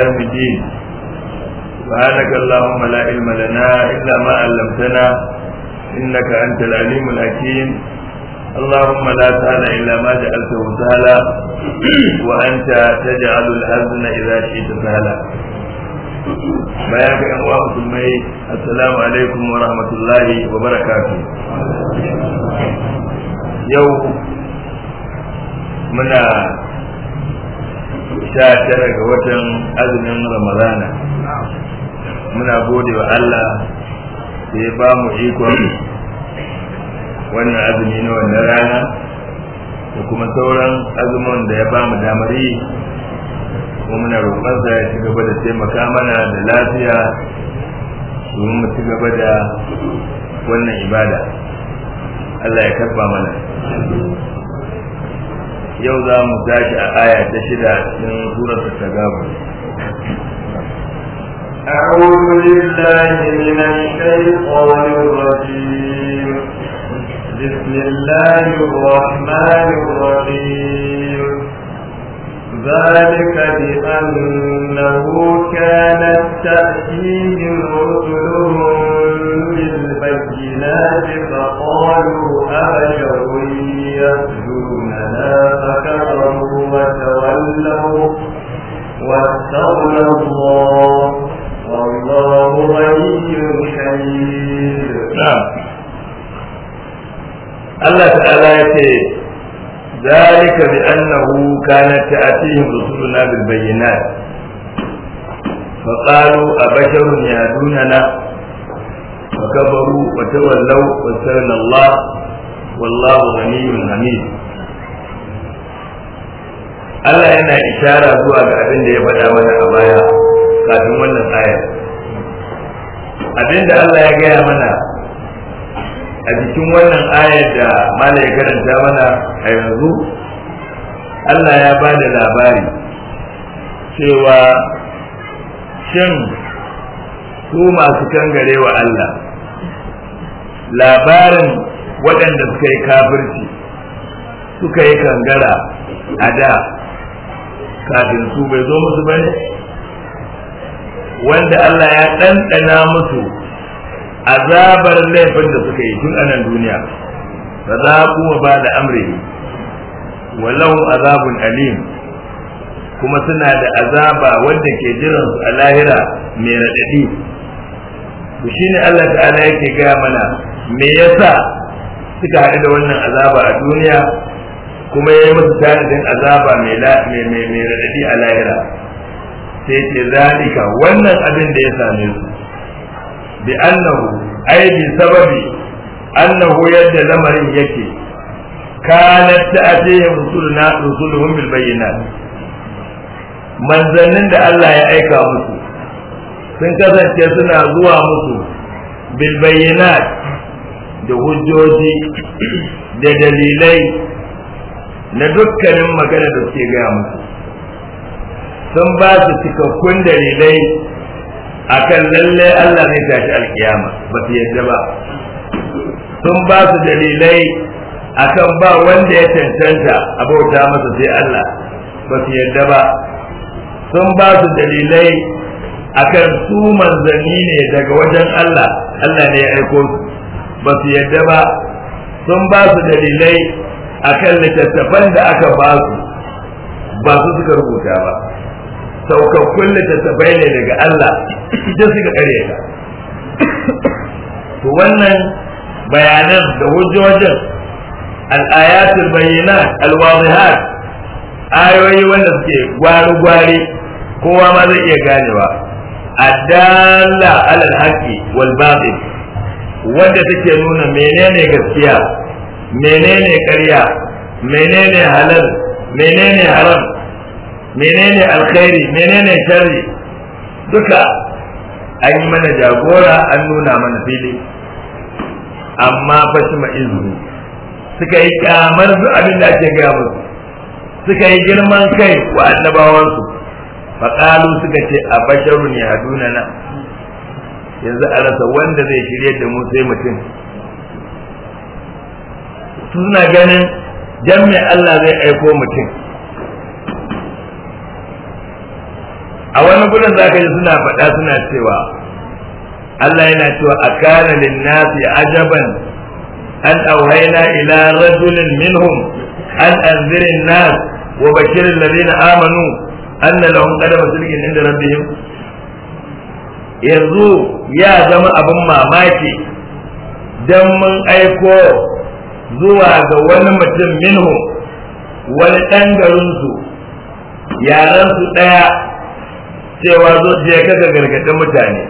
يوم الدين سبحانك اللهم لا علم لنا إلا ما علمتنا إنك أنت العليم الحكيم اللهم لا سهل إلا ما جعلته سهلا وأنت تجعل الحزن إذا شئت سهلا bayan ga uwa musulmai assalamu alaikum wa rahmatullahi wa barakatu yau muna sha tara ga watan azumin ramadana muna gode wa Allah da ya ba mu ikon wannan azumi na wannan rana da kuma sauran azumin da ya ba mu damar kuma muna roƙonsa ya cigaba da taimaka mana da lafiya domin mu cigaba da wannan ibada Allah ya karba mana yau za mu tashi a aya ta shida cikin surar tagabun أعوذ بالله من الشيطان الرجيم بسم الله الرحمن الرحيم ذلك بأنه كانت تأتيهم رسلهم بالبينات فقالوا أبشر يسجدون فأهلكنا فكفروا وتولوا واستغنى الله والله غني حميد نعم الله تعالى ذلك بأنه كانت تأتيهم رسلنا بالبينات فقالوا أبشر يهدوننا فكبروا وتولوا واستغنى الله والله غني حميد Allah yana ishara zuwa ga abin da ya faɗa mana a baya kafin wannan ayar abin da Allah ya gaya mana a jikin wannan ayar da malai ya karanta mana a yanzu Allah ya ba da labari cewa shin su masu kangare wa Allah labarin waɗanda suka yi kafirci suka yi kangara a da kafin su bai zo musu bane wanda Allah ya ɗanɗana musu azabar laifin da suka yi tun anan duniya da za kuma ba da amri walau azabun alim kuma suna da azaba wanda ke jiran su a lahira mai raɗaɗi to shine Allah ta'ala yake gaya mana me yasa suka haɗu da wannan azaba a duniya kuma ya yi musu tanadin azaba mai raɗaɗi a lahira sai ce zalika wannan abin da ya same su bi annahu ai bi sababi annahu yadda lamarin yake kanat ta'atihim rusuluna rusuluhum bil bayyinat manzannin da Allah ya aika musu sun kasance suna zuwa musu bil bayyinat da hujjoji da dalilai na dukkanin magana da suke gaya musu sun ba su cikakkun dalilai akan lalle Allah zai tashi alkiyama ba su yadda ba sun ba su dalilai akan ba wanda ya cancanta a bauta masa sai Allah ba su yadda ba sun ba su dalilai akan su manzanni ne daga wajen Allah Allah ne ya aiko su ba su yadda ba sun ba su dalilai akan littattafan da aka ba su ba su suka rubuta ba saukakkun littattafai ne daga Allah da suka kare ka to wannan bayanan da hujjojin al'ayatul bayyana al-wadihat ayoyi wanda suke gwari-gwari kowa ma zai iya ganewa adalla alal haqqi wal batil wanda take nuna menene gaskiya menene ƙarya menene halal menene haram menene alkhairi menene sharri duka an yi mana jagora an nuna mana fili amma fa shi ma'izu suka yi kyamar su abin da ake gaya musu suka yi girman kai wa annabawansu faƙalu suka ce a basharu ne haduna na yanzu a rasa wanda zai shirye da mu sai mutum su suna ganin jan mai Allah zai aiko mutum a wani gudun za ka yi suna faɗa suna cewa Allah yana cewa a kana linnasi ajaban an auhaina ila rajulin minhum an anzirin nas wa bakirin ladina amanu anna lahum qadama sulkin inda rabbihim yanzu ya zama abin mamaki dan mun aiko zuwa ga wani mutum minhu wani ɗan garinsu yarensu ɗaya cewa zo je ka ga gargaɗin mutane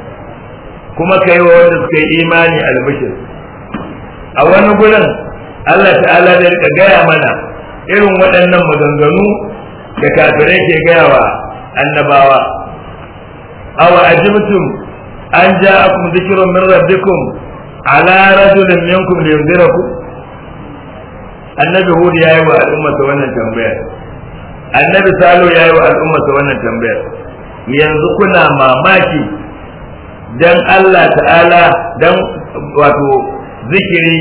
kuma ka yi wa wanda suka yi imani albishir a wani gurin Allah ta'ala da rika gaya mana irin waɗannan maganganu da kafirai ke gaya wa annabawa awa ajibtum an ja'akum dhikrun min rabbikum ala rajulin minkum liyunzirakum annabi hud ya yi wa al'ummata wannan tambayar annabi salo ya yi wa al'ummata wannan tambayar yanzu kuna mamaki dan Allah ta'ala dan wato zikiri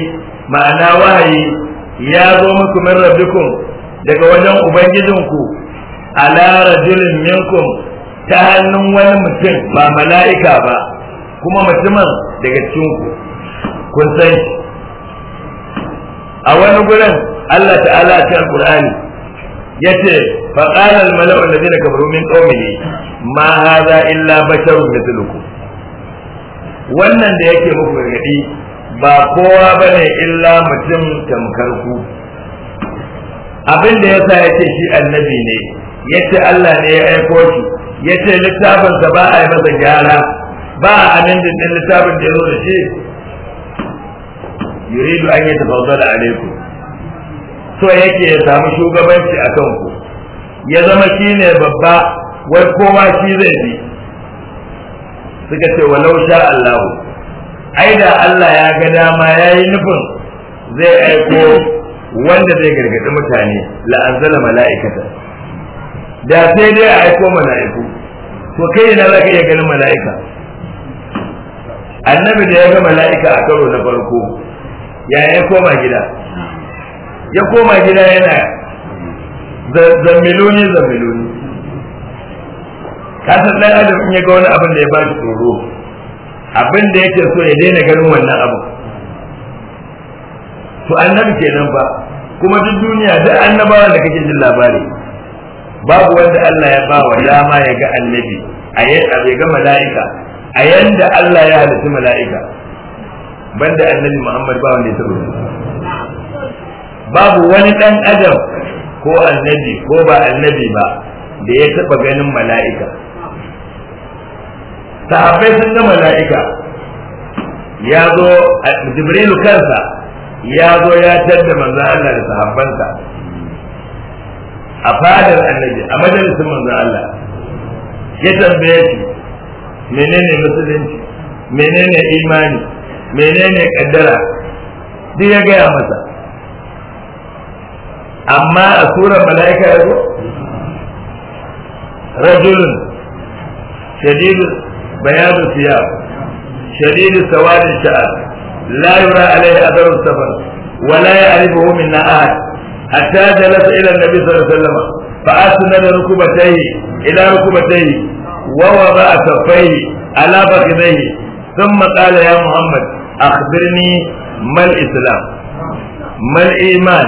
ma'ana wahayi ya zo muku min rabbikum daga wajen ubangijinku ala rajulin minkum ta hannun wani mutum ba mala'ika ba kuma mutumin daga cikinku kun san a wani gurin Allah ta'ala a cikin Qur'ani yace fa qala al mala'u alladhina kafaru min qaumihi ma hadha illa basharun mithlukum wannan da yake muku gargadi ba kowa bane illa mutum tamkar ku abin da yasa yace shi annabi ne yace Allah ne ya aiko shi yace littafin sa ba a yi masa gyara ba a nan din littafin da ya zo da shi yuridu an yi tafaddala alaikum so yake ya samu shugabanci a kanku ya zama shi ne babba wai kowa shi zai bi suka ce wa sha Allahu ai da Allah ya ga dama ya yi nufin zai aiko wanda zai gargadi mutane la anzala mala'ikata da sai dai a aiko mala'iku to kai ina ka iya ganin mala'ika annabi da ya ga mala'ika a karo na farko ya ya koma gida ya koma gida yana zammiloni zammiloni kasar ɗan adam in ya ga wani abin da ya ba shi tsoro abin da yake so ya daina ganin wannan abin to annabi kenan ba kuma duk duniya duk annabawa da kake jin labari babu wanda Allah ya ba wa dama ya ga annabi a ga mala'ika a yanda Allah ya halitta mala'ika banda annabi Muhammad ba wanda ya taba babu wani dan adam ko annabi ko ba annabi ba da ya taba ganin mala'ika sahabbai sun ga mala'ika ya zo jibrilu kansa ya zo ya tadda manzon Allah da sahabbansa a fadar annabi a majalisin manzon Allah ya tambaye shi menene musulunci menene imani menene kaddara duk ya gaya masa amma a surar mala'ika ya zo rajulun shadidu bayanu siya shadidu sawadin sha'ar la yura alaihi adarun safar wala ya arifu min na'ad hatta jalasa ila nabi sallallahu alaihi wasallam fa asnada rukubatayhi ila rukubatayhi wa wada'a saffayhi ala bakhidayhi thumma qala ya muhammad akhbirni mal islam mal iman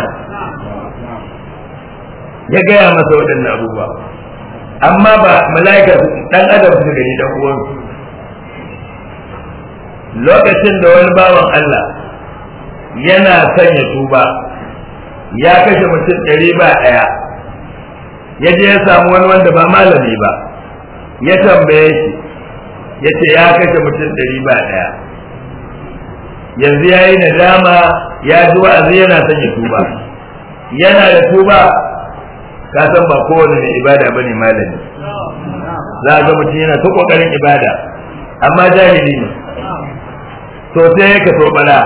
ya gaya masa waɗannan abubuwa amma ba mala'ika dan adam su gani dan uwan lokacin da wani bawan Allah yana sanya tuba ya kashe mutum ɗari ba ɗaya ya je ya samu wani wanda ba malami ba ya tambaye shi ya ce ya kashe mutum ɗari ba ɗaya yanzu ya yi nadama ya ji wa'azi yana son ya tuba yana da tuba ka san ba kowane ne ibada ba ne malami za ga mutum yana ta kokarin ibada amma jahili ne to sai ya kaso bala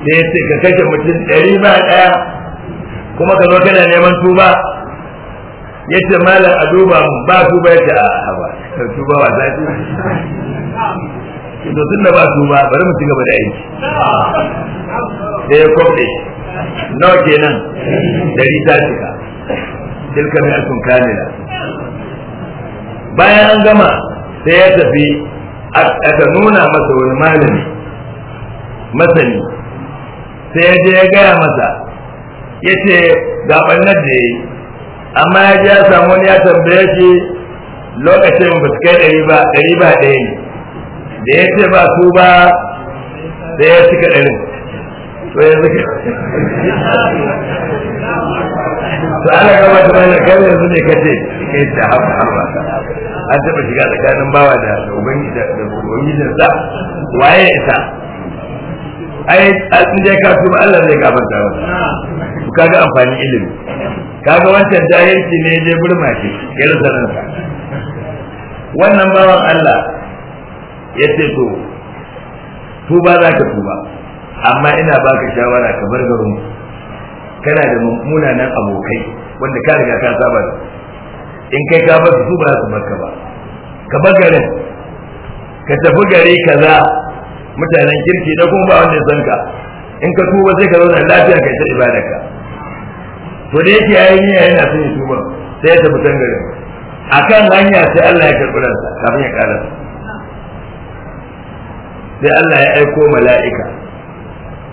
da ya ce ka kashe mutum ɗari ba ɗaya kuma ka zo kana neman tuba ya ce malam a duba mu ba tuba ya ce a haba tuba wa zafi to tun da ba su ba bari mu ci gaba da aiki sai ya kofe nawa kenan dari ta cika tilka sun alfun kamila bayan an gama sai ya tafi aka nuna masa wani malami masani sai ya je ya gaya masa ya ce gaban nan da ya yi amma ya ji ya samu wani ya tambaye shi lokacin ba su kai ɗari ba ɗari ba ɗaya ne da ya ce ba su ba da ya cika ɗarin to ya zika to ana gaba ta bayan kan yanzu ne kace kai ta hafa hafa an taɓa shiga tsakanin bawa da da ubangijinsa waye isa ai in dai ka tuba Allah zai gafarta masa kaga amfani ilimi kaga wancan jahilci ne je burma ke ya rasa wannan bawan Allah yace to tuba za ka tuba amma ina baka shawara ka bar garin kana da munanan abokai wanda ka riga ka saba da in kai ka bar su ba su barka ba ka bar garin ka tafi gari kaza mutanen kirki da kuma ba wanda san ka in ka tuba sai ka zauna lafiya kai ta ibadarka to da yake yayin niyya yana son tuba sai ya tafi can garin akan hanya sai Allah ya karɓi ransa kafin ya ƙarasa sai Allah ya aiko mala'ika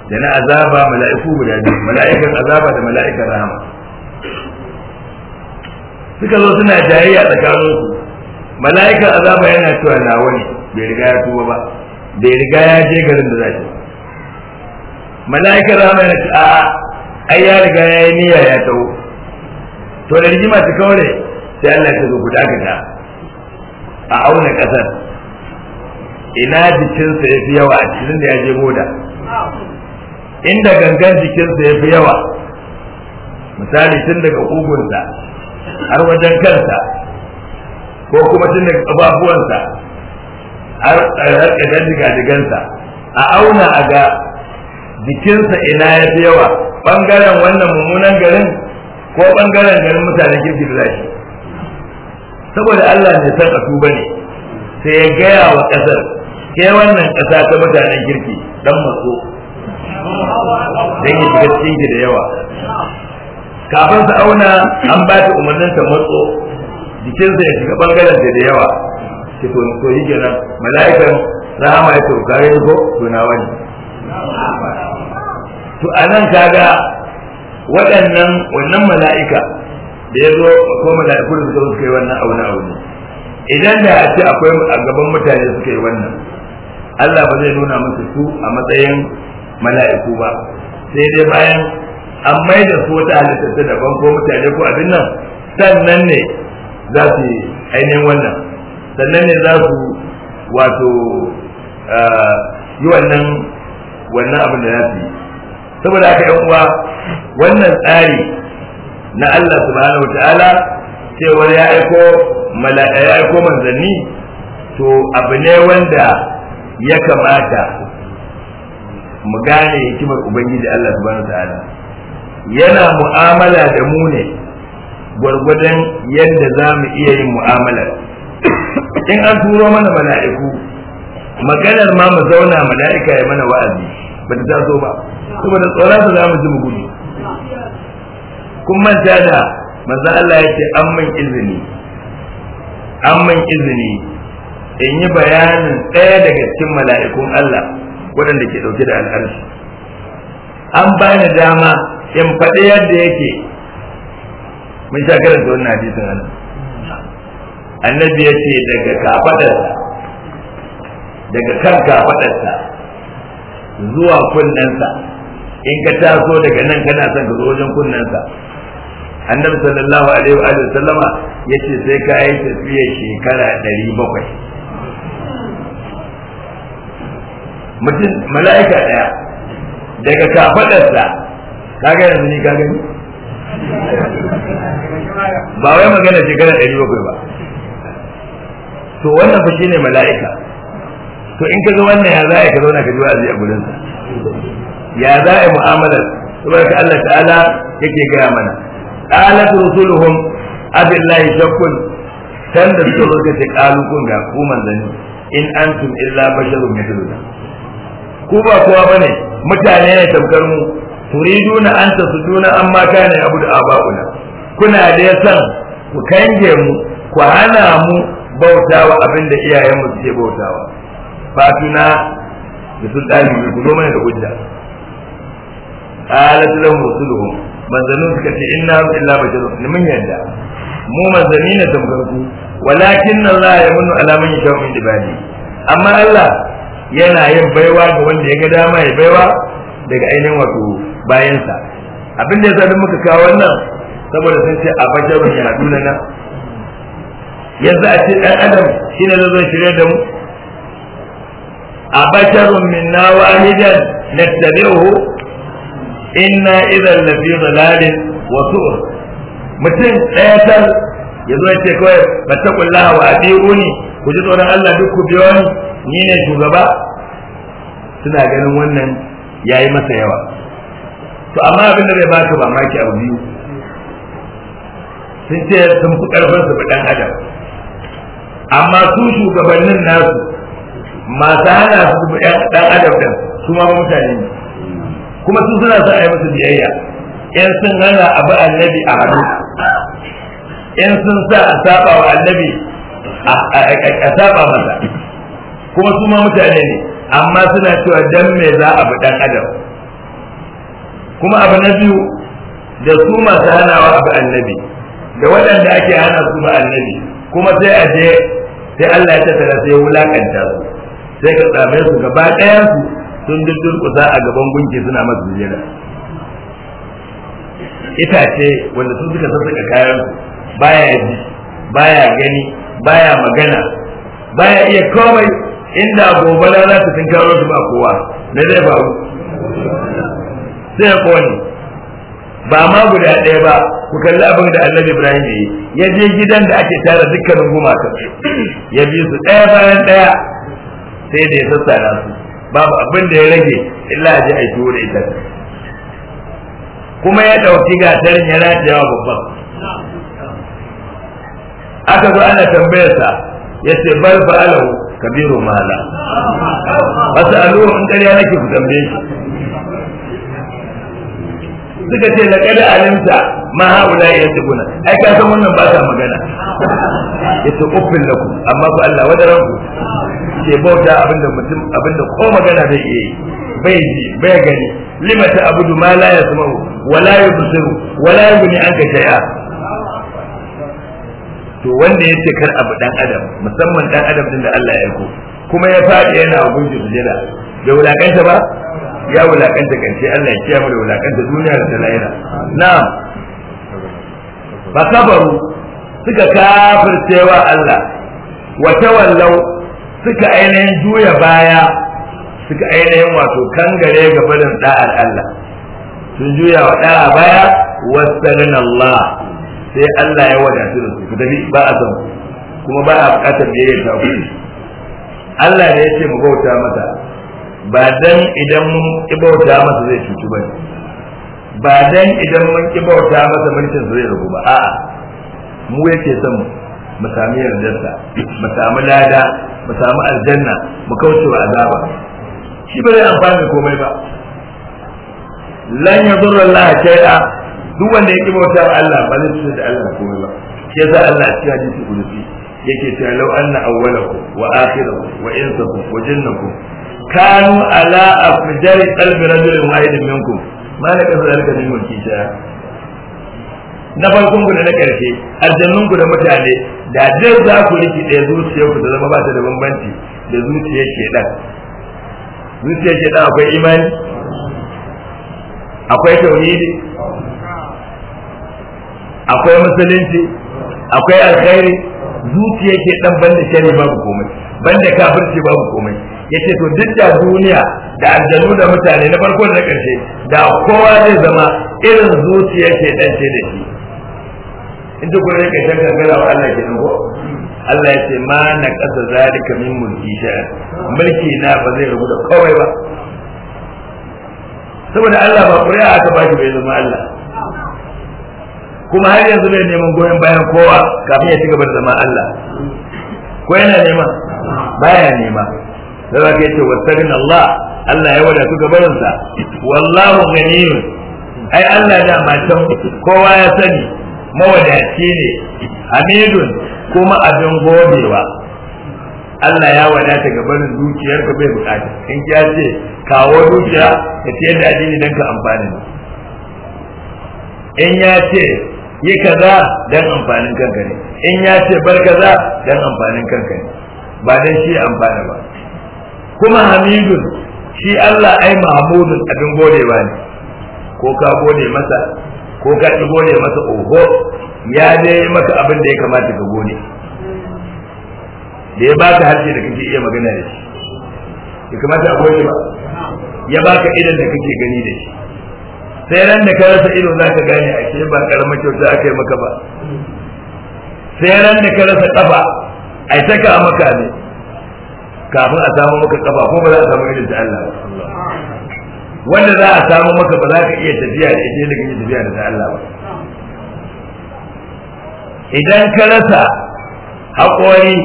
da na azaba mala'iku guda biyu mala'ikan azaba da mala'ikan rahama suka zo suna jayayya tsakanin su mala'ikan azaba yana cewa na wani bai riga ya tuba ba bai riga ya je garin da zai mala'ikan rahama yana cewa a'a ai ya riga ya yi niyya ya tawo to da rigima ta kawai sai Allah ya zo guda ta a auna ƙasar. ina jikinsa ya fi yawa a cikin da ya je boda inda gangan jikinsa ya fi yawa misali tun daga ƙugunsa har wajen kansa ko kuma tun daga ƙafafuwansa har ƙarshen digadigansa a auna a ga jikinsa ina ya fi yawa ɓangaren wannan mummunan garin ko ɓangaren garin mutanen kirki da shi saboda Allah ne san a tuba ne sai ya gaya wa ƙasar ke wannan ƙasa ta mutanen kirki dan matso dan ya shiga cikin da yawa kafin sa auna an ba ta umarnin ta matso jikinsa ya shiga bangaren da yawa ki to to yi kenan mala'ikan rahama ya to kare ko to na wani to anan kaga waɗannan wannan mala'ika da ya zo ko mala'iku da suka yi wannan auna auna idan da a ce akwai a gaban mutane suka yi wannan Allah ba zai nuna musu su a matsayin mala'iku ba sai dai bayan an mai da su wata halitta ta daban ko mutane ko abin nan sannan ne za su ainihin wannan sannan ne za su wato yi wannan wannan abin da za su yi saboda aka yan uwa wannan tsari na Allah subhanahu wa ta'ala cewar ya aiko mala'ika ya aiko manzanni to abu ne wanda ya kamata mu gane hikimar ubangiji Allah subhanahu ta'ala yana mu'amala da mu ne gwargwadon yadda za mu iya yin mu'amala in an turo mana mala'iku maganar ma mu zauna mala'ika ya mana wa'azi ba ta zo ba saboda tsoron su za mu ji mu gudu kun manta da manzo Allah ya ce an min izini an min izini in yi bayanin ɗaya daga cikin mala'ikun Allah waɗanda ke ɗauke da al'arshi an bani dama in faɗi yadda yake mun sha da wannan hadisin nan annabi ya ce daga kafaɗarsa daga kan kafaɗarsa zuwa kunnensa in ka taso daga nan kana son ka zo wajen kunnensa annabi sallallahu alaihi wa sallama ya ce sai ka yi tafiya shekara ɗari bakwai mutum mala'ika ɗaya, daga kafadarsa kaga yanzu ni ka gani ba wai magana shekara ɗari bakwai ba to wannan fa shine mala'ika to in ka ga wannan ya za ka zauna ka ji wa'azi a gurinsa ya za a yi mu'amalar saboda Allah ta'ala yake gaya mana qalat rusuluhum abillahi shakkun san da suka zo ce qalu ga ku manzani in antum illa basharun mithluna ku ba kowa bane mutane ne tamkar mu turiduna an tasuduna amma kana abu da abauna kuna da san ku kange mu ku hana mu bautawa abin da iyayen mu suke bautawa fatuna da ne ku zo mana da hujja qalat lahum rusuluhum manzanun suka ce inna illa basharun liman yadda mu manzanni ne tamkar ku walakin Allah ya munnu ala man yashaa min ibadi amma Allah yana yin baiwa ga wanda ya ga dama ya baiwa daga ainihin wato bayansa abin da yasa duk muka kawo wannan saboda sun ce a basharun ya duna na yanzu a ce ɗan adam shi zai zai shirya da mu a basharun minna wahidan nattabi'uhu inna idan lafi dhalalin wa wasu. mutum ɗaya tar ya zo ya ce kawai ba ta kullaha wa ne. ku ji tsoron Allah duk ku biyo ni ni ne shugaba suna ganin wannan yayi masa yawa to amma abin da bai ba ka mamaki abu biyu sun ce sun fi karfin su dan adam amma su shugabannin nasu masu hana su dan adam din su ma mutane ne kuma su suna sa a yi musu biyayya in sun hana abu annabi a hannu in sun sa a saba wa annabi a saba masa kuma su ma mutane ne amma suna cewa dan me za a bi dan adam kuma abu na biyu da su masu hanawa abu annabi da waɗanda ake hana su ba annabi kuma sai a je sai Allah ya tattara sai wulakanta su sai ka same su gaba ɗayan su sun dindurkusa a gaban gunki suna masu jira itace wanda sun suka sassaka kayan baya ji baya gani baya magana baya iya komai inda gobe za ta tinkaro su ba kowa da zai faru sai ya kone ba ma guda ɗaya ba ku kalli abin da annabi ibrahim ya yi ya je gidan da ake tara dukkanin gumaka ya bi su ɗaya bayan ɗaya sai da ya sassara su babu abin da ya rage illa a ji aiki wuri ita kuma ya ɗauki gatarin ya rataya babban aka zo ana tambayar sa yace bal fa'alahu kabiru mala wasu aluwa in ƙarya nake ku tambaye shi suka ce da kada alimta ma haula ya tsibuna ai ka san wannan ba ta magana yace uffin ku amma fa Allah wadaran ku ke bauta abinda mutum abinda ko magana zai iya yi bai ji bai gani lima ta abudu ma la yasma'u wa la wala wa la yughni jaya. shay'a to wanda ya ce kar abu dan adam musamman dan adam din da Allah ya aiko kuma ya faɗi yana gunji sujada bai wulakanta ba ya wulakanta karshe Allah ya kiyaye mu da wulakanta duniya da ta lahira na'am fa sabaru suka kafircewa Allah wa tawallau suka ainihin juya baya suka ainihin wato kangare ga barin da'ar Allah sun juya wa da'a baya wasanin Allah sai Allah ya wadatu da su ku tafi ba a san kuma ba a bukatar da yayin ku Allah ne ya ce mu bauta masa ba dan idan mun ki bauta masa zai cutu ba ba dan idan mun ki bauta masa mulkin zai rubu ba a'a mu yake son mu sami yardarsa mu sami lada mu sami aljanna mu kauce wa azaba shi ba zai amfani komai ba lan yadurra Allah a. duk wanda yake bauta wa Allah ba zai tsaye da Allah ko ba shi yasa Allah ya hadisi kudusi yake cewa law anna awwalakum wa akhirakum wa insakum wa jinnakum kanu ala afjari qalbi rajul wahid minkum malaka zalika min mulki na farkon ku da na karshe aljannun ku da mutane da dai za ku riki da zuciyar ku da zama ba ta da bambanci da zuciyar shedan zuciyar shedan akwai imani akwai tauhidi akwai musulunci akwai alkhairi zuciya ke dan banda shari babu komai banda kafirci babu komai yace to duk da duniya da aljanu da mutane na farko da karshe da kowa zai zama irin zuciya ke dan ce da shi in duk wani kai shan gangara wa Allah ke nan ko Allah ya ce ma na kasa zalika min mulki sha'an mulki na ba zai rubu da komai ba saboda Allah ba kuri'a ta ba shi bai zama Allah kuma har yanzu bai neman goyon bayan kowa kafin ya ci gaba da zama Allah ko yana nema baya nema da za ka yace wasarin Allah Allah ya wada su gabarinsa wallahu ganiyun ai Allah da matan kowa ya sani mawadaci ne hamidun kuma abin gobewa Allah ya wadata gabarin dukiyar ka bai bukata in ya ce kawo dukiya ka ce da addini dan ka amfani in ya ce yi kaza dan amfanin kanka ne in ya ce bar kaza dan amfanin kanka ne ba dan shi amfana ba kuma hamidun shi Allah ai mahmudun abin godewa ne ko ka gode masa ko ka ci gode masa oho ya dai maka abin da ya kamata ka gode da ya baka harshe da kake iya magana da shi ya kamata a gode ba ya baka idan da kake gani da shi sai ran da ka rasa ido za ka gane a ke ba karamar kyauta aka yi maka ba sai ran da ka rasa kafa ai ta ka maka ne kafin a samu maka kafa ko ba za a samu irin ta Allah ba wanda za a samu maka ba za ka iya tafiya da ita da kake tafiya da ta Allah ba idan ka rasa haƙori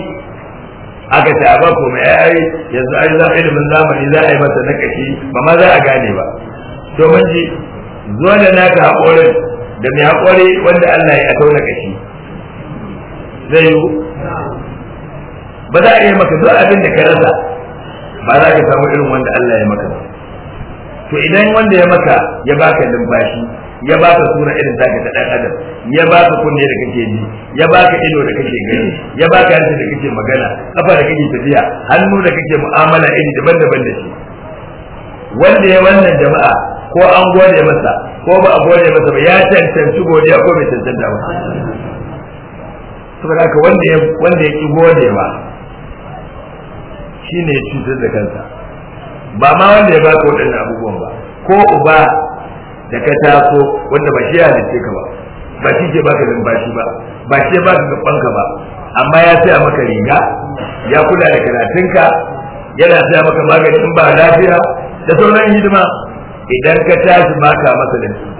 aka ta ba ko mai ayi yanzu ai za ilimin zamani za a yi masa nakashi ba ma za a gane ba to mun ji zo da naka haƙorin da mai haƙori wanda Allah ya na kashi zai yi ba za a yi maka duk abin da ka rasa ba za ka samu irin wanda Allah ya maka to idan wanda ya maka ya baka lumfashi ya baka sura irin zaka ta dan adam ya baka kunne da kake ji ya baka ido da kake gani ya baka hanci da kake magana kafa da kake tafiya hannu da kake mu'amala iri daban-daban da shi wanda ya wannan jama'a ko an gode masa ko ba a gode masa ba ya cancanci godiya ko bai cancanta ba saboda haka wanda ya wanda ya ki godewa shine ya cutar da kansa ba ma wanda ya baka waɗannan abubuwan ba ko uba da ka taso wanda ba shi ya halitta ka ba ba shi ke baka bashi ba ba shi ya baka ka ba amma ya saya maka riga ya kula da karatunka yana saya maka maganin ba lafiya da sauran hidima idan ka tashi ba ka masa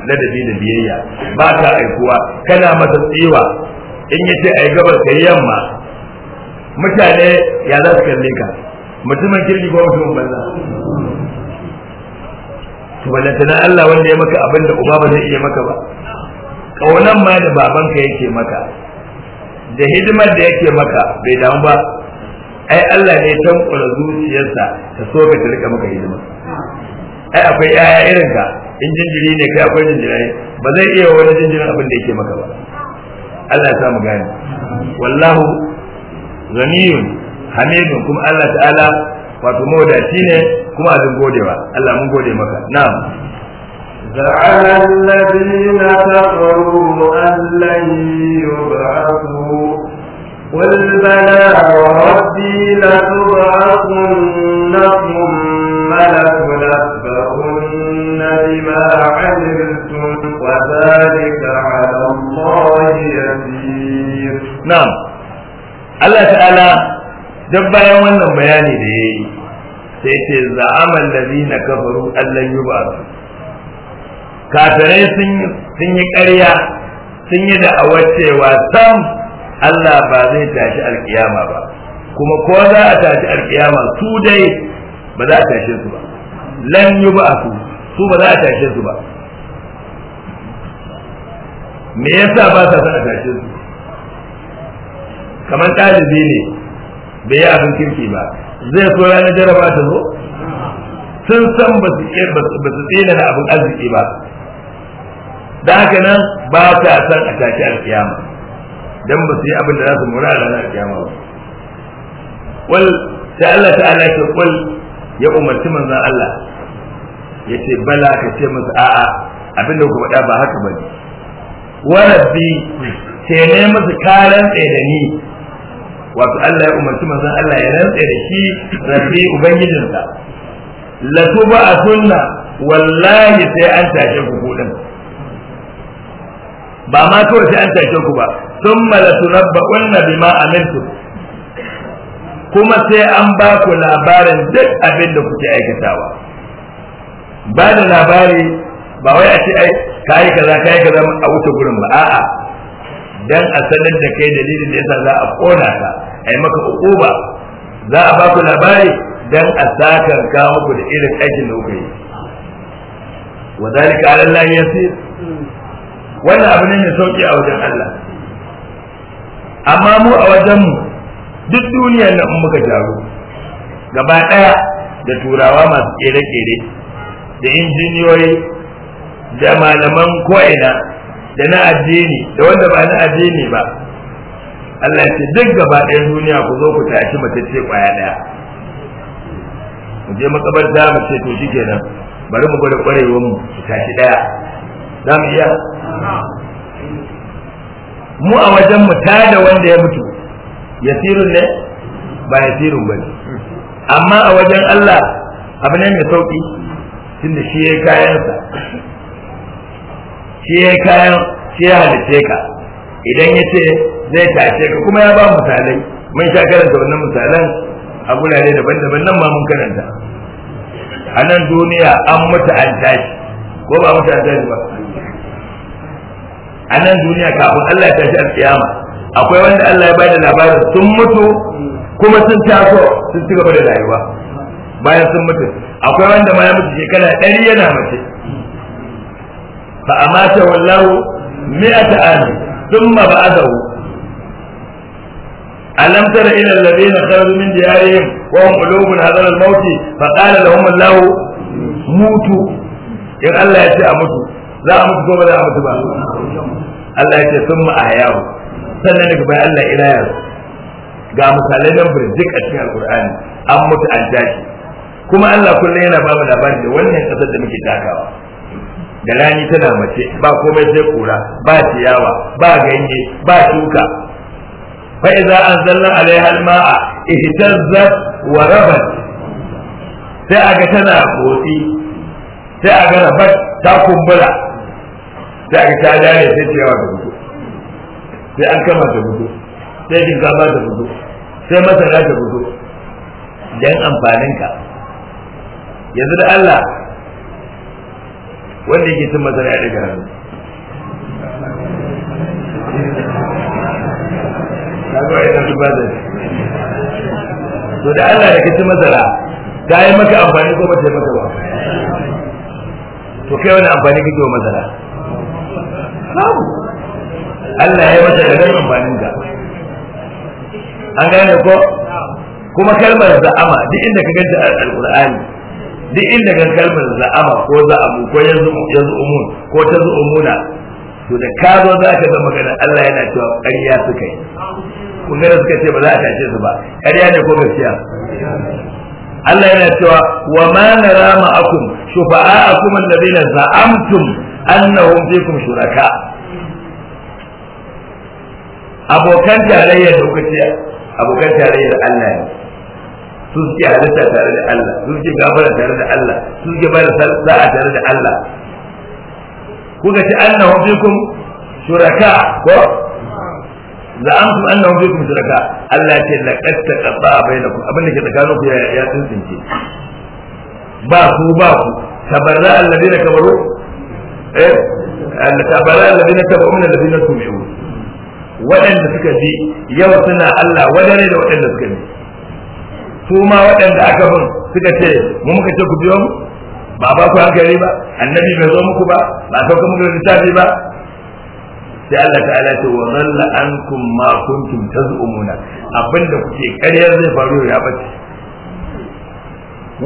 ladabi da biyayya ba ka aikuwa kana masa tsiwa in yace ai gabar ka yamma mutane ya za su kalle ka mutumin kirki ko mutumin banza to ballantana Allah wanda ya maka abin da uba ba zai iya maka ba kaunan ma da babanka yake maka da hidimar da yake maka bai damu ba ai Allah ne ya tankula zuciyarsa ta so ka rika maka hidima ai akwai yaya irin ka in jinjiri ne kai akwai jinjirai ba zai iya wani jinjirin abin da yake maka ba Allah ya sa mu gane wallahu ghaniyun hamidun kuma Allah ta'ala wato mawadaci ne kuma abin godewa Allah mun gode maka na'am زعم الذين كفروا أن لن يبعثوا قل بلى وربي لتبعثن ثم لتنبؤن بما عملتم وذلك على الله يسير نعم الله تعالى duk bayan wannan bayani da ya yi sai ce za'aman lazina kafaru allan yi ba su kafirai sun yi ƙarya sun yi sam Allah ba zai tashi alkiyama ba kuma ko za a tashi alkiyama su dai ba za a tashi su ba lan yi ba su su ba za a tashi su ba me yasa ba sa son a tashi su kamar ɗalibi ne bai yi abin kirki ba zai so ranar jaraba ta zo sun san ba su tsina na abin arziki ba da haka nan ba ta san a tashi alkiyama dan ba su yi abin da za su mura a ranar kiyama ba wal sai Allah ta'ala ya kul ya umarci manzon Allah ya ce bala ka ce masa a'a abin da kuka faɗa ba haka ba ne wa rabbi sai ne masa karan tsaye da ni wato Allah ya umarci manzon Allah ya rantsa da shi rabbi ubangijinsa la tuba sunna wallahi sai an tashe ku kudin ba ma kawai sai an tashe ku ba sun malatu rabba unna bima amintu kuma sai an ba ku labarin duk abin da kuke aikatawa ba da labari ba wai a ce ai yi kaza kaza a wuce gurin ba a'a dan a sanar da kai dalilin da yasa za a kona ka ai maka ukuba za a ba ku labari dan a sakan ka muku da irin aikin da kuka yi wa dalika ala wannan abu ne mai sauki a wajen Allah amma mu a wajen mu duk duniyar nan muka jaru gaba daya da turawa masu kere-kere da injiniyoyi da malaman ko'ina da na addini da wanda ba na addini ba Allah ce duk gaba ɗayan duniya ku zo ku tashi matacce kwaya ɗaya mu je makabarta mu ce to shikenan bari mu gwada kwarewar mu tashi ɗaya za mu iya mu a wajen mu tada wanda ya mutu yasirun ne ba ya ba ne. amma a wajen Allah abu ne mai sauki da shi yi kayansa shi yi kayan shi ya halitta ka idan ya ce zai tashe ka kuma ya ba misalai mun sha karanta wannan misalan a gurare daban-daban nan ma mun karanta a nan duniya an mutu an tashi ko ba mutu an tashi ba a nan duniya kafin Allah ya tashi alƙiyama akwai wanda Allah ya bada labarin sun mutu kuma sun taso sun ci gaba da rayuwa bayan sun mutu akwai wanda ma ya mutu shekara ɗari yana mace fa amata wallahu mi'ata amin thumma ba'athahu ألم تر إلى الذين خرجوا من ديارهم وهم fa qala lahum allah mutu. In Allah ya ce a mutu, za a mutu ko ba za a mutu ba Allah ya ce sun ma ahyahu sannan daga bayan Allah ina ya ga misalai don birjik a cikin alqur'ani an mutu an tashi kuma Allah kullum yana ba mu labari da wannan kasar da muke takawa da rani tana mace ba komai sai kura ba ciyawa ba ganye ba shuka fa idza anzalna alaiha alma'a ihtazzat wa rabat sai aga tana motsi sai aga rabat ta kumbura sai ga ta dare sai ciyawa ta fito sai an kama ta fito sai shinkafa ta fito sai masara ta fito don amfanin ka yanzu da Allah wanda yake cin masara ya daga hannu kaga na da to da Allah da kici masara ta yi maka amfani ko ba ta yi maka ba to kai wani amfani kake wa masara Allah ya yi mata da ganin amfanin da an gane ko kuma kalmar za'ama duk inda ka ganta alkur'ani duk inda ka kalmar za'ama ko za'amu ko yanzu yanzu umun ko ta umuna to da ka zo za ka zama magana Allah yana cewa ƙarya suka yi kun gane suka ce ba za a tashe su ba ƙarya ne ko gaskiya Allah yana cewa wa ma nara ma'akum shufa'a'akum na za'amtum annahum fikum shuraka abokan tarayyar da kuka ce abokan da Allah ne su suke halitta tare da Allah su suke gafara tare da Allah su suke bada sa'a tare da Allah kuka ce annahum fikum shuraka ko za'amtum annahum fikum shuraka Allah ya ce laqad taqatta bainakum abin da ke tsakaninku ya ya tsinsince ba ku ba ku tabarra alladina kabaru eh al-tabara alladhina tabu'una alladhina tumi'u waɗanda suka bi yau suna Allah wadare da waɗanda suka bi su ma waɗanda aka bin suka ce mu muka ce ku biyo mu ba ba ku hankali ba annabi bai zo muku ba ba sauka ka da littafi ba sai Allah ta'ala ce wa zalla ankum ma kuntum taz'umuna abinda kuke ƙaryar zai faru ya bace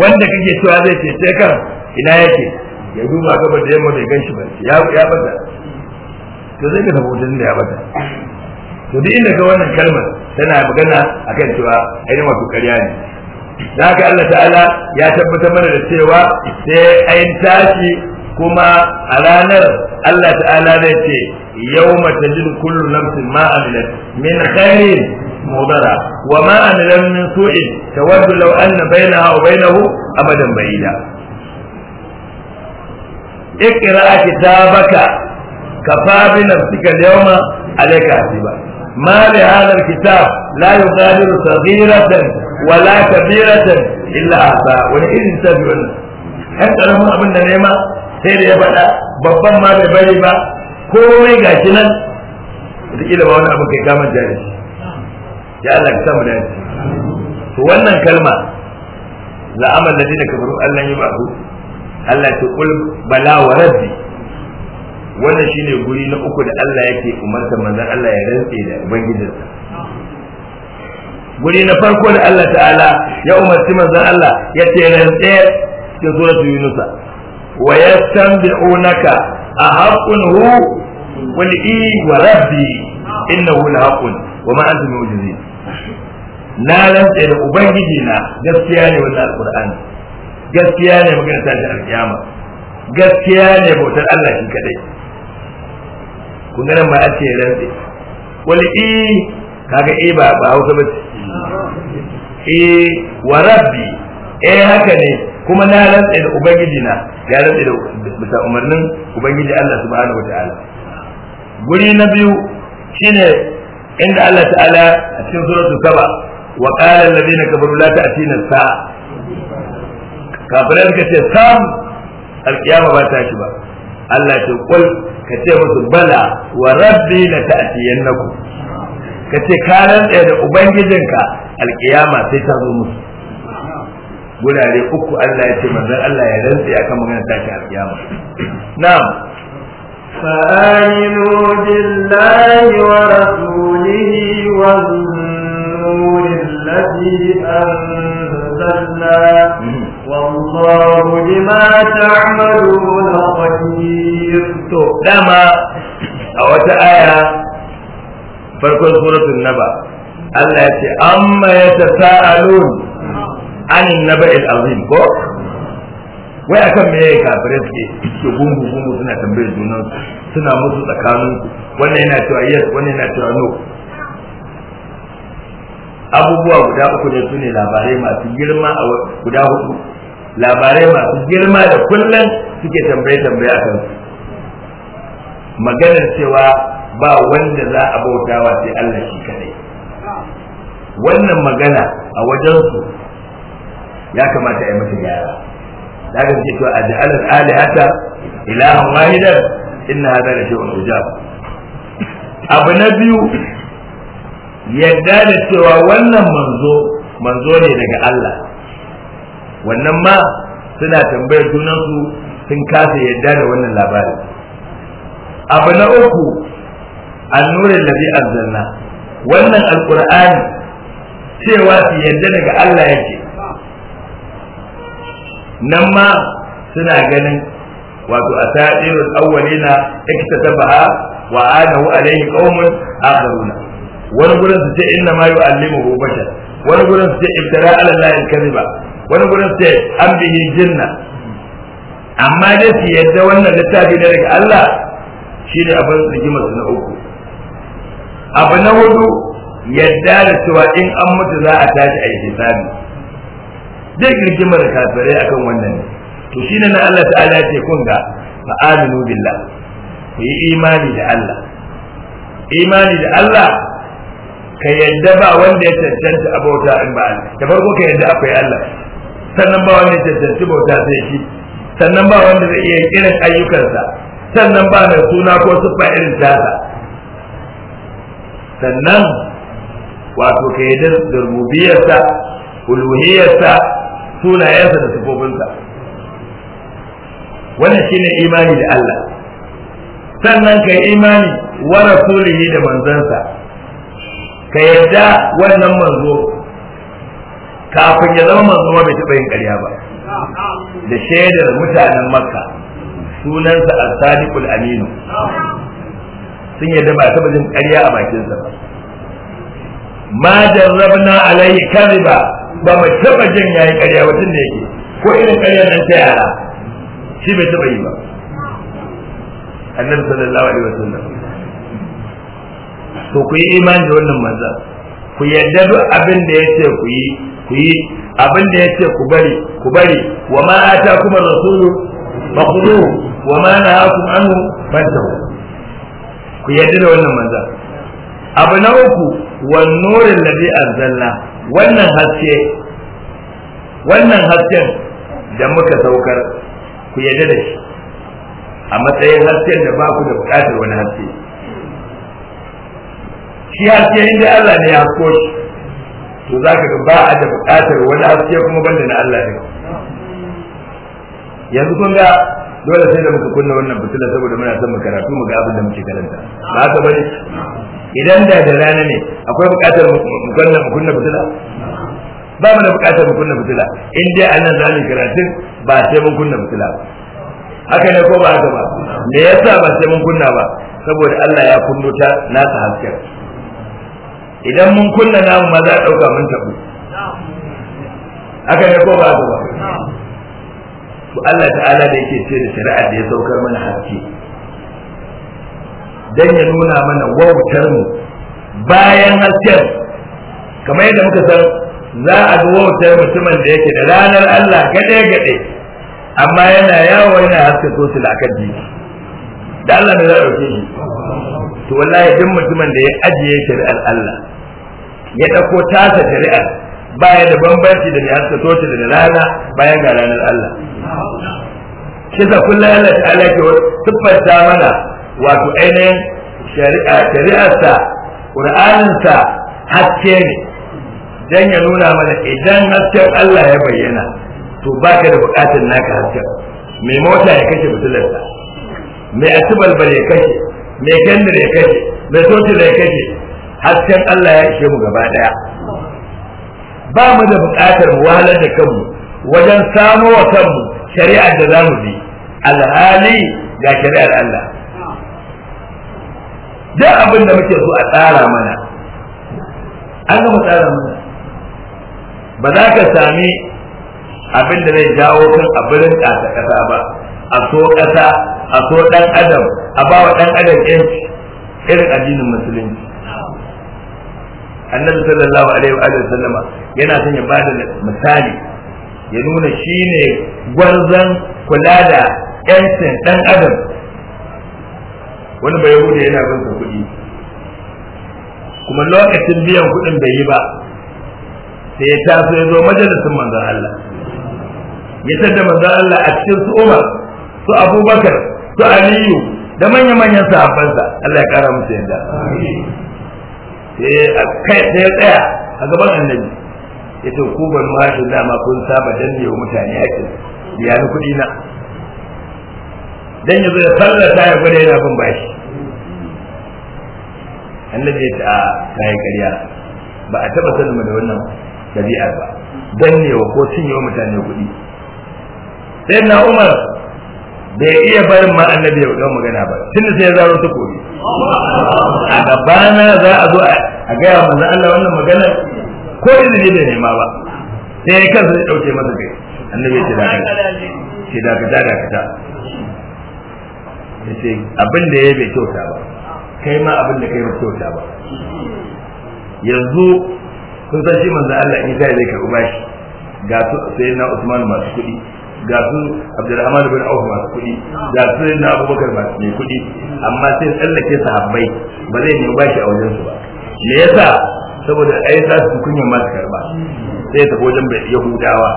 wanda kake cewa zai ce sai kan ina yake ya duba gaba da yamma bai ganshi ba ya ya bata to zai ga sabotin da ya bata to duk inda ga wannan kalmar tana magana akan cewa ainihin wato ƙarya ne da haka Allah ta'ala ya tabbatar mana da cewa sai ayin tashi kuma a ranar Allah ta'ala zai ce yawma tajidu kullu nafsin ma amilat min khairin مضرة وما أمل من سوء تود لو أن بينها وبينه أبدا بعيدا اقرأ كتابك كفى بنفسك اليوم عليك حسيبا ما لهذا الكتاب لا يغادر صغيرة ولا كبيرة إلا أحصاها ولئن تبعنا حتى لهم أبن نعمة sai da ya faɗa babban ma bai bari ba komai ga shi nan wataƙila ba wani abu kai kamar jari ya Allah ka dace wannan kalma la'amal ladina kafaru Allah ya Allah ce kul bala wa rabbi wannan shine guri na uku da Allah yake umarta manzon Allah ya rantse da ubangijinsa guri na farko da Allah ta'ala ya umarci manzon Allah ya ce rantse cikin suratul yunus wa yastanbi'unaka a haqqun hu qul i wa rabbi innahu la haqqun wa ma antum mujizin na rantse da ubangiji na gaskiya ne wannan alqur'ani gaskiya ne magana ta shi alkiyama gaskiya ne bautar Allah shi kadai kun ganin ba a ce rantsi wani i kaga i ba ba hausa ba ce i wa rabbi eh haka ne kuma na rantsi da ubangiji na ya rantsi da bisa umarnin ubangiji Allah subhanahu wataala guri na biyu shine inda Allah ta'ala a cikin suratul kaba, wa qala alladhina kafaru la ta'tina sa'a kafirai suka ce sam alkiyama ba ta shi ba Allah ce kul ka ce musu bala wa rabbi la ta'tiyannakum ka ce ka rantsa da ubangijinka alkiyama sai ta zo musu gurare uku Allah ya ce manzon Allah ya rantsa akan magana ta shi alkiyama na'am فآمنوا بالله ورسوله والنور الذي أنزل أرسلنا والله بما تعملون خبير دما أو آية farkon سورة naba Allah ya ce amma ya tasa'alun an naba azim ko wai akan me yake kafirai suke ke gungu gungu suna tambayar junan suna musu tsakanin wannan yana cewa yes wannan yana cewa no abubuwa guda uku ne su ne labarai masu girma a guda hudu labarai masu girma da kullum suke tambaye tambaye a kansu maganar cewa ba wanda za a bautawa sai Allah shi kadai wannan magana a wajensu ya kamata a yi mata gyara da ga ce to aj'al al-alihata ilahan wahidan inna hada la shay'un ujab abu na biyu yadda da cewa wannan manzo manzo ne daga Allah wannan ma suna tambayar junansu sun kasa yadda da wannan labarin abu na uku annurin zai anzalna wannan alkur'ani cewa su yadda daga Allah yake nan ma suna ganin wato asadirul awwalina iktasabaha wa anahu alayhi qaumun akharuna wani gurin su ce inna ma yu'allimuhu bashar wani gurin su ce ibtara ala allahi kadhiba wani gurin su ce an bihi jinna amma dai su yadda wannan littafi da daga Allah shine abin rigimar su na uku abu na hudu yadda da cewa in an mutu za a tashi a yi hisabi zai rigimar kafirai akan wannan ne to shine na Allah ta'ala ce kun ga fa'aminu billah ku yi imani da Allah imani da Allah ka yadda ba wanda ya cancanta a bauta in ba Allah da farko ka yadda akwai Allah sannan ba wanda ya cancanci bauta sai shi sannan ba wanda zai iya irin ayyukansa sannan ba mai suna ko siffa irin tasa sannan wato ka yadda da rububiyarsa uluhiyarsa sunayensa da sifofinsa wannan shine imani da Allah sannan ka imani wa rasulihi da manzansa ka yadda wannan manzo kafin ya zama manzo ba bai taɓa yin ƙarya ba da shaidar mutanen makka sunansa as-sadiqul aminu sun yadda ba taɓa jin ƙarya a bakinsa ba ma jarrabna alayhi kadhiba ba mu taɓa jin yayi ƙarya wajen da yake ko irin ƙaryar nan ta yara shi bai taɓa yi ba annabi sallallahu alaihi wasallam to ku yi imani da wannan manzan ku yarda duk abin da ya ce ku yi ku yi abin da ya ce ku bari ku bari wa ma ata kuma rasulu fa khudhu wa ma nahakum anhu fantahu ku yarda da wannan manzan abu na uku wan nurin ladhi anzalna wannan haske wannan hasken da muka saukar ku yarda da shi a matsayin hasken da ba ku da bukatar wani haske shi haske inda Allah ne ya hasko shi to za ka ba a da buƙatar wani haske kuma banda na Allah ne yanzu kun ga dole sai da muka kunna wannan fitila saboda muna son karatu mu ga abin da muke karanta ba haka bane idan da da rana ne akwai buƙatar mu kunna mu kunna fitila ba mu da buƙatar mu kunna fitila in dai anan zamu karatun ba sai mun kunna fitila haka ne ko ba haka ba me yasa ba sai mun kunna ba saboda Allah ya kunno ta nasa hasken idan mun kunna namu ma za a ɗauka mun tafi haka ne ko ba su ba to Allah ta'ala da yake ce da shari'ar da ya saukar mana haske dan ya nuna mana wautar mu bayan hasken kamar yadda muka san za a ga wautar mutumin da yake da ranar Allah gade gade amma yana yawo yana haske sosai akan jiki da Allah ne za a ɗauke shi to wallahi duk mutumin da ya ajiye shari'ar Allah ya ɗauko tasa shari'a baya da bambanci da ya suka toce da rana bayan ga ranar Allah shi da kullum Allah ta ala wa siffanta mana wato ainihin shari'a shari'arsa ƙur'aninsa haske ne dan ya nuna mana idan hasken Allah ya bayyana to baka da buƙatar naka hasken mai mota ya kashe mutularsa mai asibalbal ya kashe mai kendir ya kashe mai toci da ya kashe hasken Allah ya ishe mu gaba daya ba mu da buƙatar wahalar da kanmu wajen samo wa kanmu shari'ar da za mu bi alhali ga shari'ar Allah duk abin da muke so a tsara mana an gama tsara mana ba za ka sami abin da zai jawo kan abirin ƙasa ƙasa ba a so ƙasa a so ɗan adam a ba wa ɗan adam yanci irin addinin musulunci annabi sallallahu alaihi wa sallama yana son ya ba da misali ya nuna shine gwarzon kula da yancin dan adam wani bai hude yana bin kuɗi kuma lokacin biyan kuɗin bai yi ba sai ya taso ya zo majalisin manzon Allah ya tada manzon Allah a cikin su Umar su Abubakar su Aliyu da manya-manyan sahabbansa Allah ya kara musu yadda sai eh, a kai sai tsaya a gaban annabi ya ce ku ban mashin dama kun saba danne wa mutane haƙƙin biya ni kuɗi na dan yanzu ya sallata ya gwada yana bin bashi annabi ya ce a kayan ƙarya ba a taɓa sanin da wannan ɗabi'ar ba danne wa ko cinye wa mutane kuɗi sai na umar bai iya barin ma annabi ya ga magana ba tun sai ya zaro ta kori, a gabana za a zo a gaya wa manzo Allah wannan magana ko ne bai nema ba sai ya kansa ya dauke masa kai annabi ya ce da ce da ka da ka abin da yayi bai kyauta ba kai ma abin da kai ba kyauta ba yanzu kun san shi manzo Allah in sai zai karɓi bashi ga sai na Usman masu kuɗi ga su Abdulrahman bin Auf masu kuɗi ga su na Abubakar masu mai kuɗi amma sai tsallake sahabbai ba zai nemi bashi a wajen su ba me yasa saboda ai za su kunyan masu karba sai ya tafi wajen Yahudawa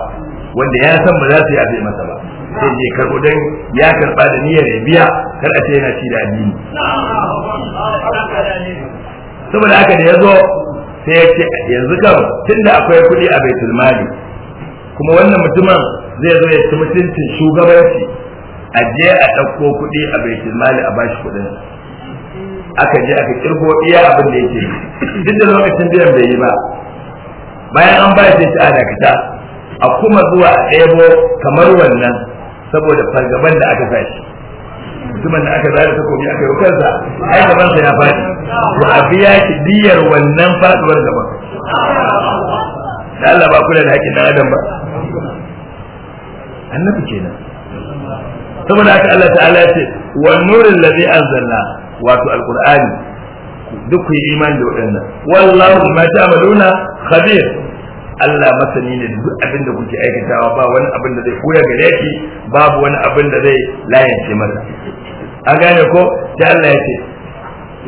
wanda ya san ba za su yafe masa ba sai je karbo dan ya karba da niyyar ya biya kar a ce yana ci da addini saboda haka da ya zo sai ya ce yanzu kam tunda akwai kuɗi a baitul mali kuma wannan mutumin zai zo ya ci mutuncin shugabanci a je a ɗauko kuɗi a baitul mali a bashi kuɗin aka je aka kirgo iya abin da yake duk da lokacin biyan bai yi ba bayan an ba shi ta dakata a kuma zuwa a ɗebo kamar wannan saboda fargaban da aka shi mutumin da aka zara takobi aka yi kansa ai sa ya faɗi to a biya shi diyar wannan faɗuwar gaban da Allah ba kula da haƙƙin ɗan adam ba annabi kenan saboda haka Allah ta'ala ce wa nurul ladzi anzalna wato alqur'ani duk ku yi imani da wadannan wallahu ma ta'maluna khabir Allah masani ne duk abin da kuke aikatawa ba wani abin da zai koya gare ki babu wani abin da zai layance masa an gane ko sai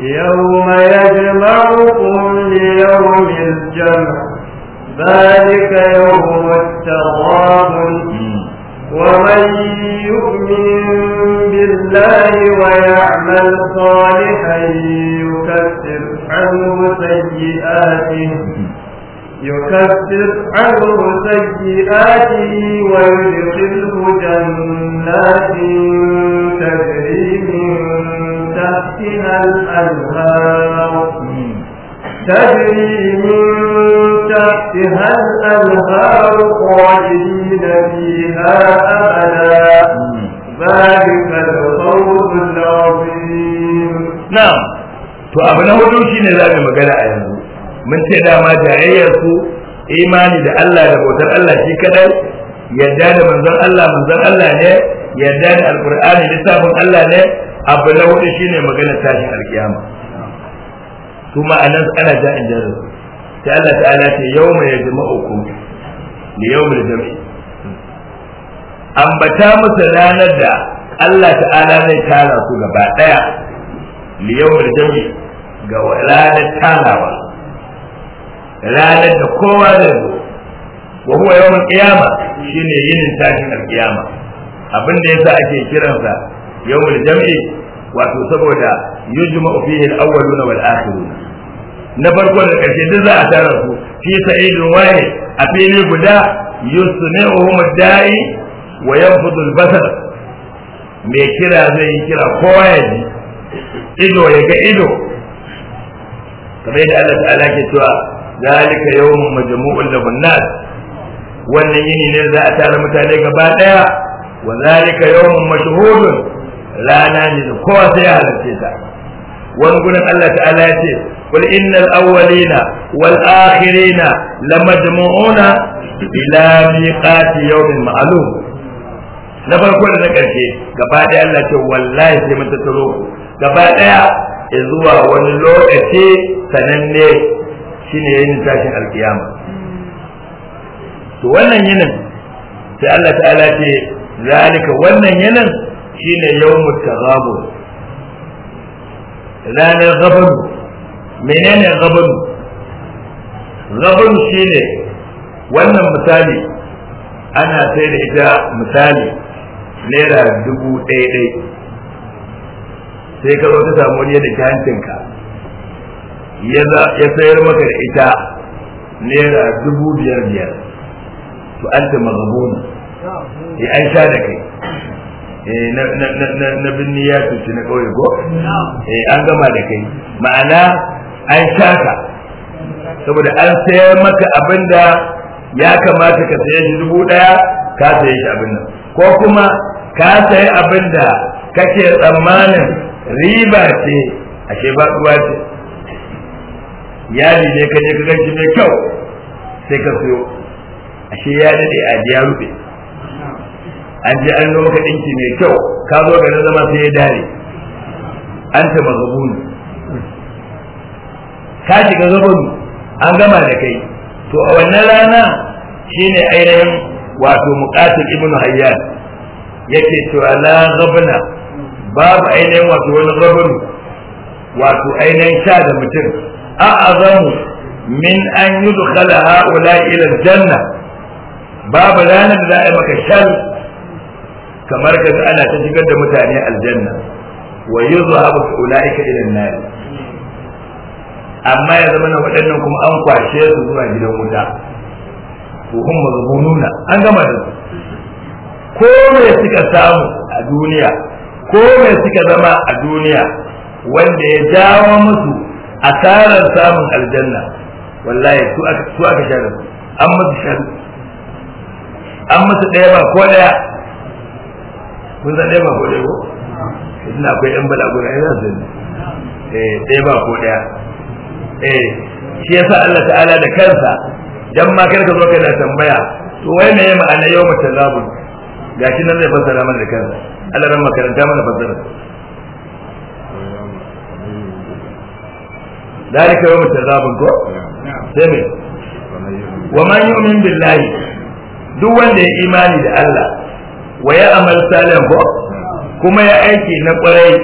Allah ya ce يوم يجمعكم ليوم الجمع ذلك يوم التغابن ومن يؤمن بالله ويعمل صالحا يكفر عنه سيئاته يكفر عنه سيئاته ويدخله جنات تجري من تحتها الأنهار تجري من تحتها الأنهار خالدين فيها أبدا ذلك الفوز العظيم نعم to abu na hudu ne za mu magana a yanzu mun ce dama jayayyar su imani da Allah da bautar Allah shi kadai yadda da manzon Allah manzon Allah ne yadda da alqur'ani littafin Allah ne abu na hudu shine magana tashi alkiyama kuma anan ana ja'in jarar sai Allah ta'ala ce yau mai yawma yajma'ukum li yawmil jam'i ambata musu ranar da Allah ta'ala zai tara su gaba daya li mai jam'i ga ranar tarawa ranar da kowa zai zo wa huwa shi ne shine tashi na kiyama abin da sa ake kiransa mai jam'i wato saboda yujma'u fihi al-awwaluna wal akhiruna na farko da ƙarshe duk za a tara su fi sa'idin wahid a fili guda yusmi'uhum da'i wa 'yan al-basar mai kira zai kira kowa ya ji ido ya ga ido kamar yadda Allah ta'ala ke cewa zalika yawmun majmu'un lahun nas wannan yini ne za a tara mutane gaba daya wa zalika yawmun mashhudun rana ne da kowa sai ya halarce ta wani gurin Allah ta'ala ya ce قل إن الأولين والآخرين لمجموعون إلى ميقات يوم معلوم na farko da na ƙarshe gaba ɗaya Allah ce wallahi sai mun tattaro ku gaba ɗaya zuwa wani lokaci sananne shine yin tashin alkiyama to wannan yanan, sai Allah ta'ala ce zalika wannan shine yawmut taghabun ranar zafaru. menene gabanu gabanu shine wannan misali ana sai da ita misali naira dubu ɗaya ɗai sai ka zo ta samu wani yadda ta hancinka ya sayar maka da ita naira dubu biyar biyar to an ta magabuna ya eh, an sha da kai eh, na binni ya cuci na ƙauye ko eh, an gama da kai ma'ana an shaka saboda an sayar maka abin da ya kamata ka saye shi dubu ɗaya ka saye shi abin nan ko kuma ka sayi abin da kake tsammanin riba ce ashe faɗuwa ce ya ne ka je ka ganci mai kyau sai ka siyo ashe ya daɗe a ya rufe an je an zo maka ɗinki mai kyau ka zo ga zama sai ya dare an ta mazabuni ka shiga zagon an gama da kai to a wannan rana shine ainihin wato muqatil ibnu hayyan yake to la gabna babu ainihin wato wani gabnu wato ainihin sha da mutum a azamu min an yudkhala haula ila janna babu ranar da za a maka shan kamar ka ana ta shigar da mutane aljanna wa yuzhabu ulaika ila an-nar amma ya zama na waɗannan kuma an kwashe su zuwa gidan wuta hukun nuna. an gama da su ko me suka samu a duniya ko me suka zama a duniya wanda ya jawo musu asarar samun aljanna wallahi su aka su aka su an musu shari an musu ɗaya ba ko ɗaya kun san ɗaya ba ko ɗaya ko ina akwai yan balagura yana zai eh, ɗaya ba ko ɗaya eh shi yasa Allah ta'ala da kansa dan ma kar ka zo kana tambaya to wai me ma'ana yawma Ga shi nan zai fassara mana da kansa Allah ran makaranta mana fassara ذلك يوم التزاب كو Wa ومن يؤمن biLlahi, duk wanda ya imani da Allah wa ya amal salihan ko kuma ya aiki na kwarai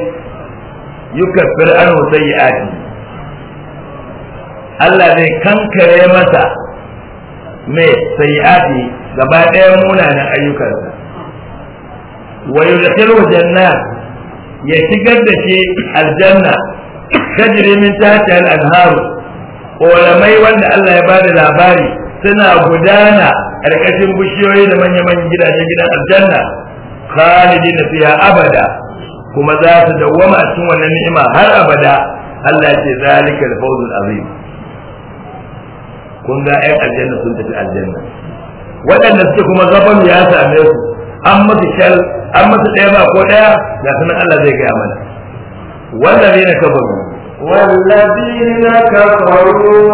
yukaffir anhu sayyi'ati Allah zai kankare masa mai sayyati gaba ɗaya munanan ayyukansa wa wajen jannat ya shigar da shi aljanna tajri min tahtiha al-anhar ƙoramai wanda Allah ya bada labari suna gudana ƙarƙashin bishiyoyi da manya-manyan gidaje gidan aljanna khalidina fiha abada kuma za su dawwama cikin wannan ni'ima har abada Allah ya ce zalikal fawzul azim kun ga ƴan aljanna sun tafi aljanna waɗanda suke kuma gaban ya same su an musu shal an musu ɗaya ba ko ɗaya ga sunan Allah zai gaya mana wallazina kafaru والذين كفروا وكذبوا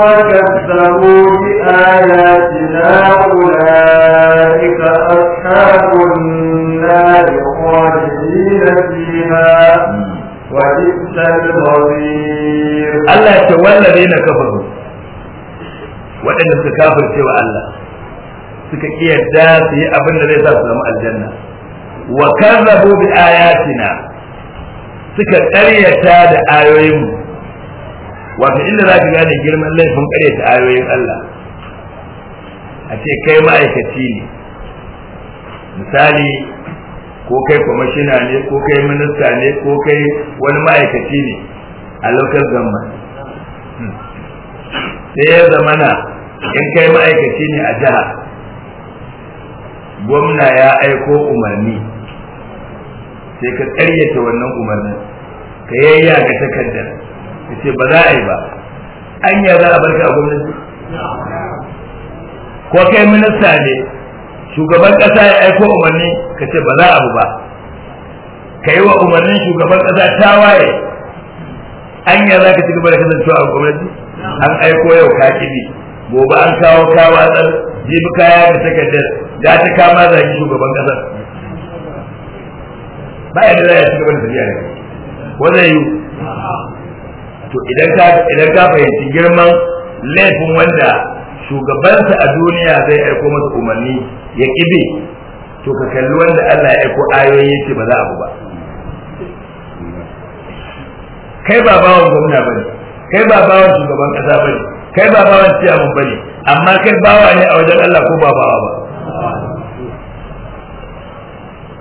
بآياتنا أولئك أصحاب النار خالدين فيها وبئس المصير الله يتولى الذين كفروا waɗanda suka kafirce cewa Allah suka kiyarta su yi abin da zai sa su zama aljanna wa kazzabu bi ayatina suka ƙaryata da ayoyin wato inda za ka gane girman laifin ƙaryata ayoyin Allah a ce kai ma'aikaci ne misali ko kai kwamishina ne ko kai minista ne ko kai wani ma'aikaci ne a lokacin zama hmm. sai ya zamana in kai ma'aikaci ne a jiha gwamna ya aiko umarni sai ka karyata wannan umarnin ka yayya ga takardar ka ce ba za a yi ba an ya za a barka a gwamnati ko kai minista ne shugaban kasa ya aiko umarni ka ce ba za a ba ka yi wa umarnin shugaban kasa waye an ya za ka ci gaba da kasancewa a gwamnati an aiko yau ka kiɗi gobe an kawo kawa tsar jibi kaya da takardar da ta kama zagi shugaban kasar baya da zai shugaban da tafiya ne ko zai yi to idan ka idan ka fahimci girman laifin wanda shugabansa a duniya zai aiko masa umarni ya kibe to ka kalli wanda Allah ya aiko ayoyi yake ba za a ba kai ba bawon gwamna bane kai ba bawon shugaban kasa bane kai ba wani ciyaman ba ne amma kai bawa ne a wajen Allah ko ba ba ba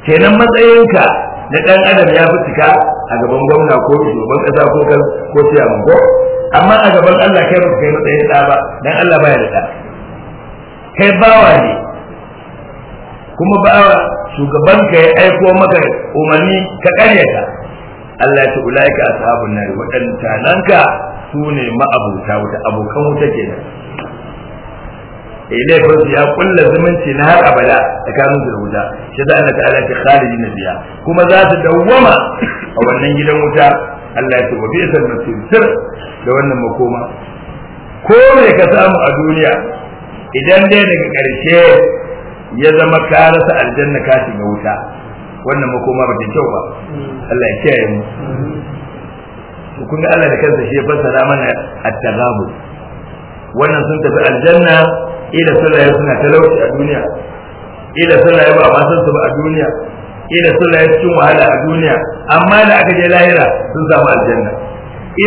kenan matsayinka na ɗan adam ya fi cika a gaban gwamna ko shugaban kasa ko kan ko ciyaman ko amma a gaban Allah kai ba kai matsayin da ba dan Allah baya da kai kai bawa ne kuma bawa shugaban ka ya aiko maka umarni ka karyata Allah ya ce ulaika ashabun nar waɗanta nanka su ne ma'abuta wuta abokan wuta kenan ilai eh, fa ya kulla zumunci na har abada da tsakanin da wuta shi da Allah ta'ala ta khalidi na biya kuma za su dawwama a wannan gidan wuta Allah ya ce wa bi'sa al-masir da wannan makoma ko me ka samu a duniya idan dai daga ƙarshe ya zama ka rasa aljanna ka shiga wuta wannan makoma ba ta kyau ba Allah ya kiyaye mu kun ga Allah da kansa shi ya fassara mana at-tagabu wannan sun tafi aljanna ila sallaya suna talauci a duniya ila sallaya ba ma san su ba a duniya ila sallaya cikin wahala a duniya amma da aka je lahira sun samu aljanna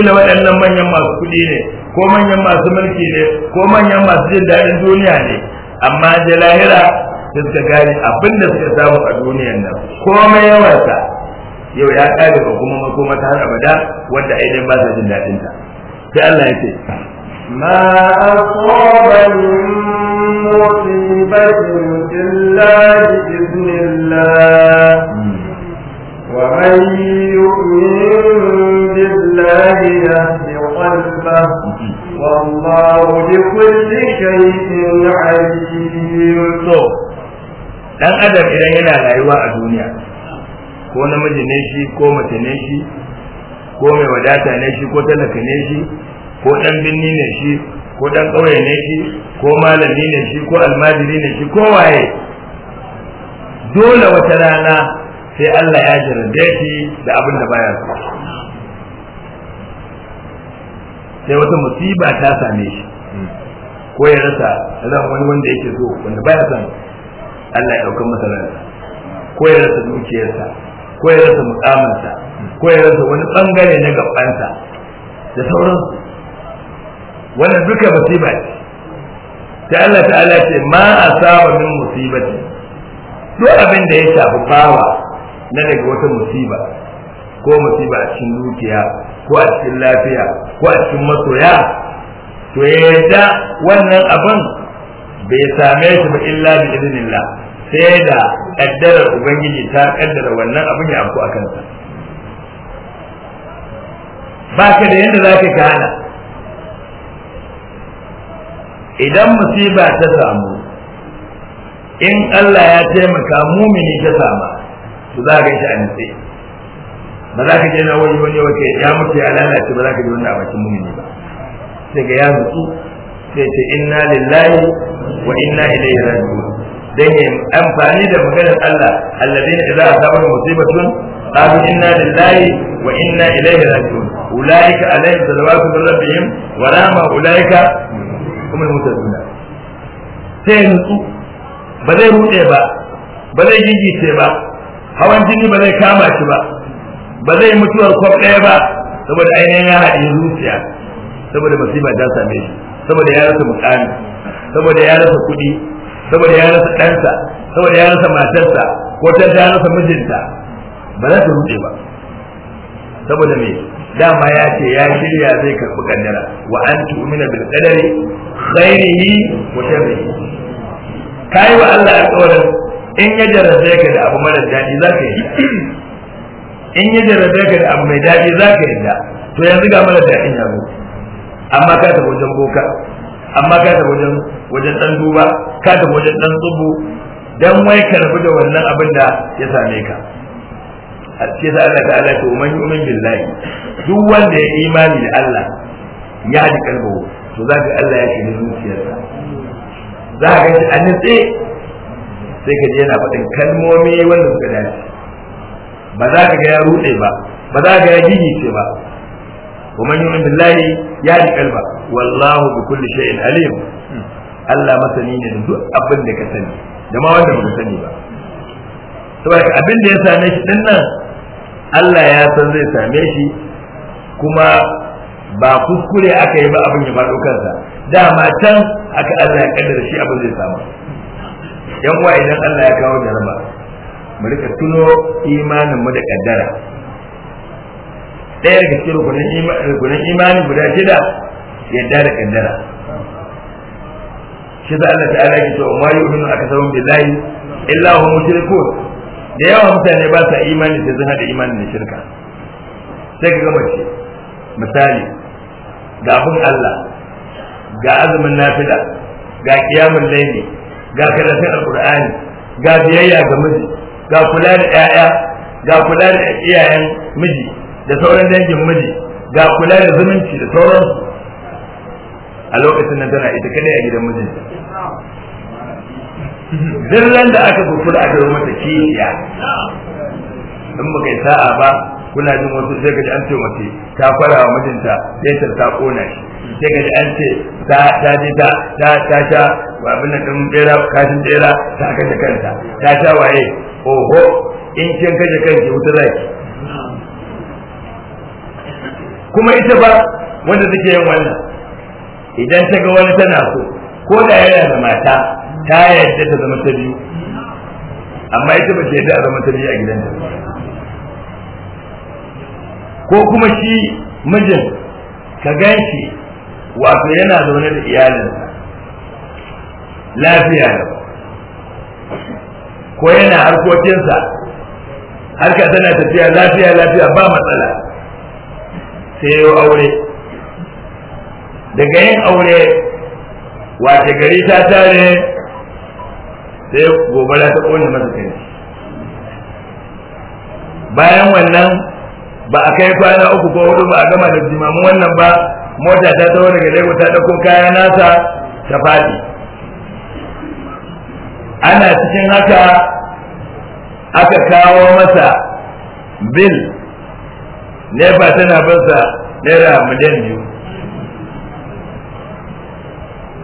ila waɗannan manyan masu kuɗi ne ko manyan masu mulki ne ko manyan masu jin daɗin duniya ne amma da lahira sun suka gani abin da suka samu a duniyan nan komai yawansa yau ya kare ba kuma makoma ta har abada wanda ainihin ba sa jin daɗin ta sai Allah ya ce ma asaba min musibatin illa bi idnillah wa man yu'min billahi yahdi qalbahu والله بكل شيء عليم. So, dan adam idan yana rayuwa a duniya ko namiji ne shi ko mace ne shi ko mai wadata ne shi ko talaka ne shi ko dan binni ne shi ko dan ƙauye ne shi ko malami ne shi ko almajiri ne shi ko waye dole wata rana sai Allah ya jarrabe shi da abin da baya so sai wata musiba ta same shi ko ya rasa zan wani wanda yake so wanda baya son Allah ya ɗaukar masa rana. ko ya rasa dukiyarsa ko ya rasa mukaminsa ko ya rasa wani bangare na gabansa da sauransu wannan duka musiba ce ta Allah ta'ala ce ma asaba min musibati duk abin da ya shafi bawa na daga wata musiba ko musiba a cikin dukiya ko a cikin lafiya ko a cikin masoya to ya yadda wannan abin bai same shi ba illa bi idinillah sai da kaddarar ubangiji ta kaddara wannan abin ya afku a kansa ba ka da yadda za ka gana idan musiba ta samu in Allah ya taimaka mumini ta sama to za ka shi a nutse ba za ka je na wani wani wace ya mutu ya lalace ba za ka ji wannan a mumini ba sai ga ya nutsu sai ce inna lillahi wa inna ilaihi raji'un dan ya amfani da maganar Allah alladheena idza asabatu musibatun qalu inna lillahi wa inna ilaihi raji'un ulaika alaihim salawatu min rabbihim wa rahma ulaika humul muhtadun sai nutsu ba zai rude ba ba zai gigice ba hawan jini ba zai kama shi ba ba zai mutuwar kwaf ɗaya ba saboda ainihin ya haɗe zuciya saboda masifa ta same shi saboda ya rasa mukami saboda ya rasa kuɗi saboda ya rasa ɗansa saboda ya rasa matarsa ko ta ta rasa mijinta ba za ta ruɗe ba saboda me dama ya ce ya shirya zai karɓi kaddara wa an tu'mina bil qadari khairihi wa sharrihi kai wa Allah alƙawarin in ya jarrabe ka da abu mara daɗi za ka yi in ya jarrabe ka da abu mai daɗi za ka yi da, to yanzu ga mara daɗin ya zo amma ka tafi wajen boka amma ka tafi wajen wajen dan duba ka tafi wajen dan tsubu dan wai ka rabu da wannan abin da ya same ka a ce da Allah ta'ala to man yu'min billahi duk wanda ya imani da Allah ya ji kalbo to za ka Allah ya shiga zuciyarsa za ka ga an nitse sai ka je yana faɗin kalmomi wanda suka dace ba za ka ga ya rute ba ba za ka ga ya gigice ba ومن يؤمن بالله يهدي قلبه والله بكل شيء عليم Allah masani ne duk abin da ka sani da ma wanda baka sani ba saboda abin ya same shi din nan Allah ya san zai same shi kuma ba kuskure aka yi ba abin ya faɗo kansa dama can aka Allah ya kaddara shi abin zai yan uwa idan Allah ya kawo jaraba mu rika tuno imanin mu da kaddara ɗaya daga cikin rukunin imani guda shida yadda da kaddara shi da Allah ta'ala ke yau ma aka sabon billahi illa hu mushriku da yawa mutane ba sa imani sai zan hada imani da shirka sai ka gama ce misali ga abin Allah ga azumin nafila ga kiyamun laili ga karatun alqur'ani ga biyayya ga miji ga kula da 'ya'ya, ga kula da iyayen miji da sauran dangin miji ga kula da zumunci da sauran a lokacin nan tana ita kadai a gidan mijin zirran da aka kukula a garin mata kiyaya in muka kai sa'a ba kuna jin wasu sai gaji an ce mace ta fara wa mijinta sai ta kona shi sai gaji an ce ta ta ji ta ta ta ta abin da kan bera kashin bera ta kashe kanta ta ta waye oho in kin kashe kanki wuta zaki kuma ita ba wanda take yin wannan idan ta ga wani tana so ko da yana da mata ta yadda ta zama ta biyu amma ita ba ta yadda a zama ta biyu a gidanta ko kuma shi mijin ka gan shi wato yana zaune da iyalinsa lafiya da ko yana harkokinsa harka tana tafiya lafiya lafiya ba matsala sai ya aure daga yin aure wace gari ta tare sai gobara ta kone masa kai bayan wannan ba a kai kwana uku ko hudu ba a gama da jimamin wannan ba mota ta taho daga lagos ta dauko kayan nasa ta faɗi. ana cikin haka aka kawo masa bil nefa tana bansa naira miliyan biyu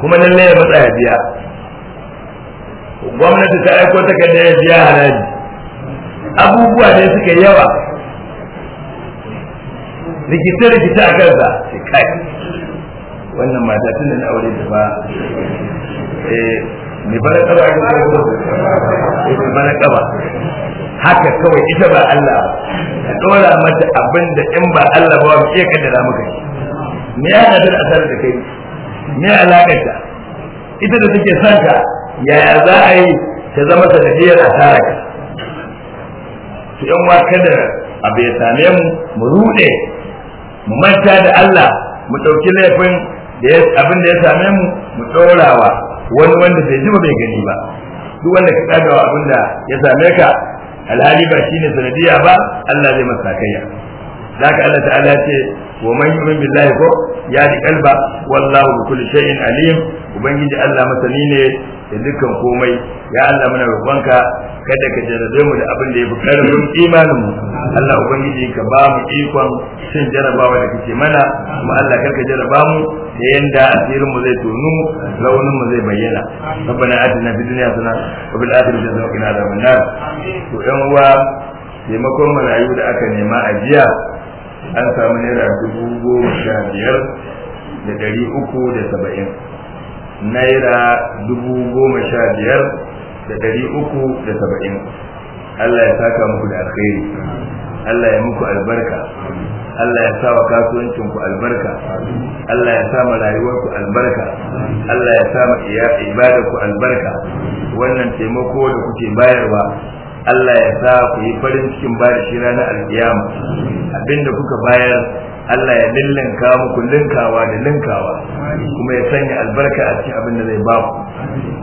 kuma nan ya matsa ya biya gwamnati ta aiko ta takardar ya biya haraji abubuwa ne suka yawa rikice-rikice a kansa shi kai wannan mata tun na aure da ba eh ni bara kaba ga ko ni bara kaba haka kawai ita ba Allah ba ka dora mata abin da in ba Allah ba mu iya kaddara maka shi me ya da asarar da kai me alakar ta ita da take son ka yaya za a yi ta zama sanadiyar asara ka to yan wa kada abu ya same mu mu rude mu manta da Allah mu dauki laifin da abin da ya same mu mu dorawa wani wanda bai ji ba bai gani ba duk wanda ka tsagawa abin da ya same ka alhali ba shine sanadiyya ba Allah zai masa kaiya. zaka Allah ta'ala ce wa man yu'min billahi ko ya di kalba wallahu bi kulli shay'in alim ubangiji Allah masani ne da dukkan komai ya Allah muna roƙonka kada ka jarabe mu da abin da yafi karfin imanin mu Allah ubangiji ka ba mu ikon cin jarabawa da kake mana kuma Allah kar ka jaraba mu da yanda asirin mu zai tonu launin mu zai bayyana rabbana atina fid dunya hasana wa bil akhirati hasana wa qina adhaban nar to yan uwa taimakon marayu da aka nema a jiya an samu naira dubu goma sha biyar da ɗari uku da saba'in naira dubu goma sha biyar da ɗari uku da saba'in Allah ya saka muku da alkhairi Allah ya muku albarka Allah ya sa kasuwancin ku albarka Allah ya sa rayuwar ku albarka Allah ya sa ibada ibadar ku albarka wannan taimako da kuke bayarwa Allah ya sa ku yi farin cikin ba da shi ranar alkiyama abinda kuka bayar Allah ya lillinka muku linkawa da linkawa kuma ya sanya albarka a cikin abin da zai ba ku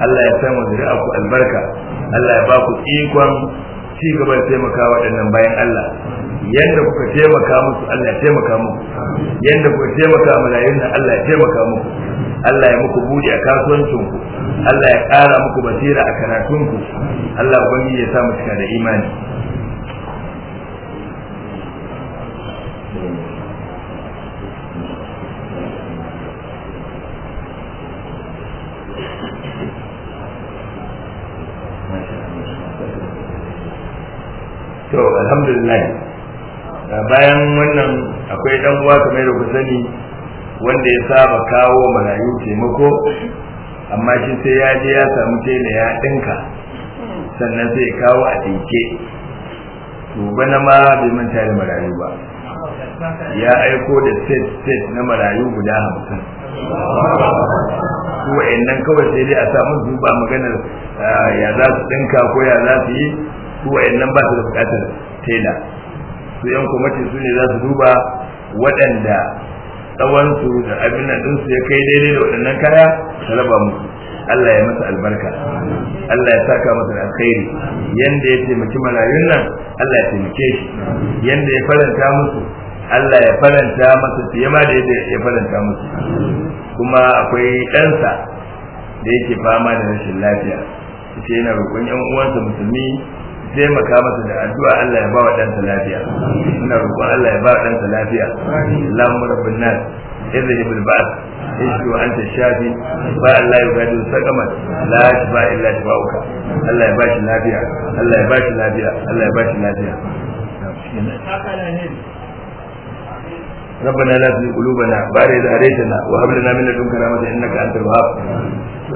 Allah ya sanya zuri'a ku albarka Allah ya ba ku ikon ci gaba da taimaka waɗannan bayan Allah yadda kuka taimaka musu Allah ya taimaka muku yadda kuka taimaka malayin Allah ya taimaka muku Allah ya muku buɗe a kasuwancinku Allah ya ƙara muku basira a karatunku Allah ubangiji ya sa mu cika da imani to alhamdulillah bayan wannan akwai ɗan uwa kamar da ku sani wanda ya saba kawo marayu taimako amma shi sai ya je ya samu tela ya ɗinka sannan sai ya kawo a ɗinke to bana ma bai manta da marayu ba ya aiko da set set na marayu guda hamsin ko nan kawai sai dai a samu su maganar ah, ya za su ɗinka ko ya za su yi ko nan ba su da buƙatar tela su yan kwamati su ne za su duba waɗanda su da abin nan ɗinsu ya kai daidai da waɗannan kaya ta musu Allah ya masa albarka Allah ya saka masa da alkhairi yanda ya taimaki marayun nan Allah ya taimake shi yanda ya faranta musu Allah ya faranta masa fiye ma da yadda ya faranta musu kuma akwai ɗansa da yake fama da rashin lafiya ita yana roƙon 'yan uwansa musulmi taimaka masa da addu'a Allah ya ba wa ɗanta lafiya ina roƙon Allah ya ba ɗanta lafiya lamu rabbin nas irin da bil ba'd ishu anta shafi ba Allah ya gadi sakamat la shifa illa Allah ya ba shi lafiya Allah ya ba shi lafiya Allah ya ba shi lafiya ربنا لا تزغ قلوبنا بعد إذ هديتنا وهب لنا من لدنك رحمة إنك أنت الوهاب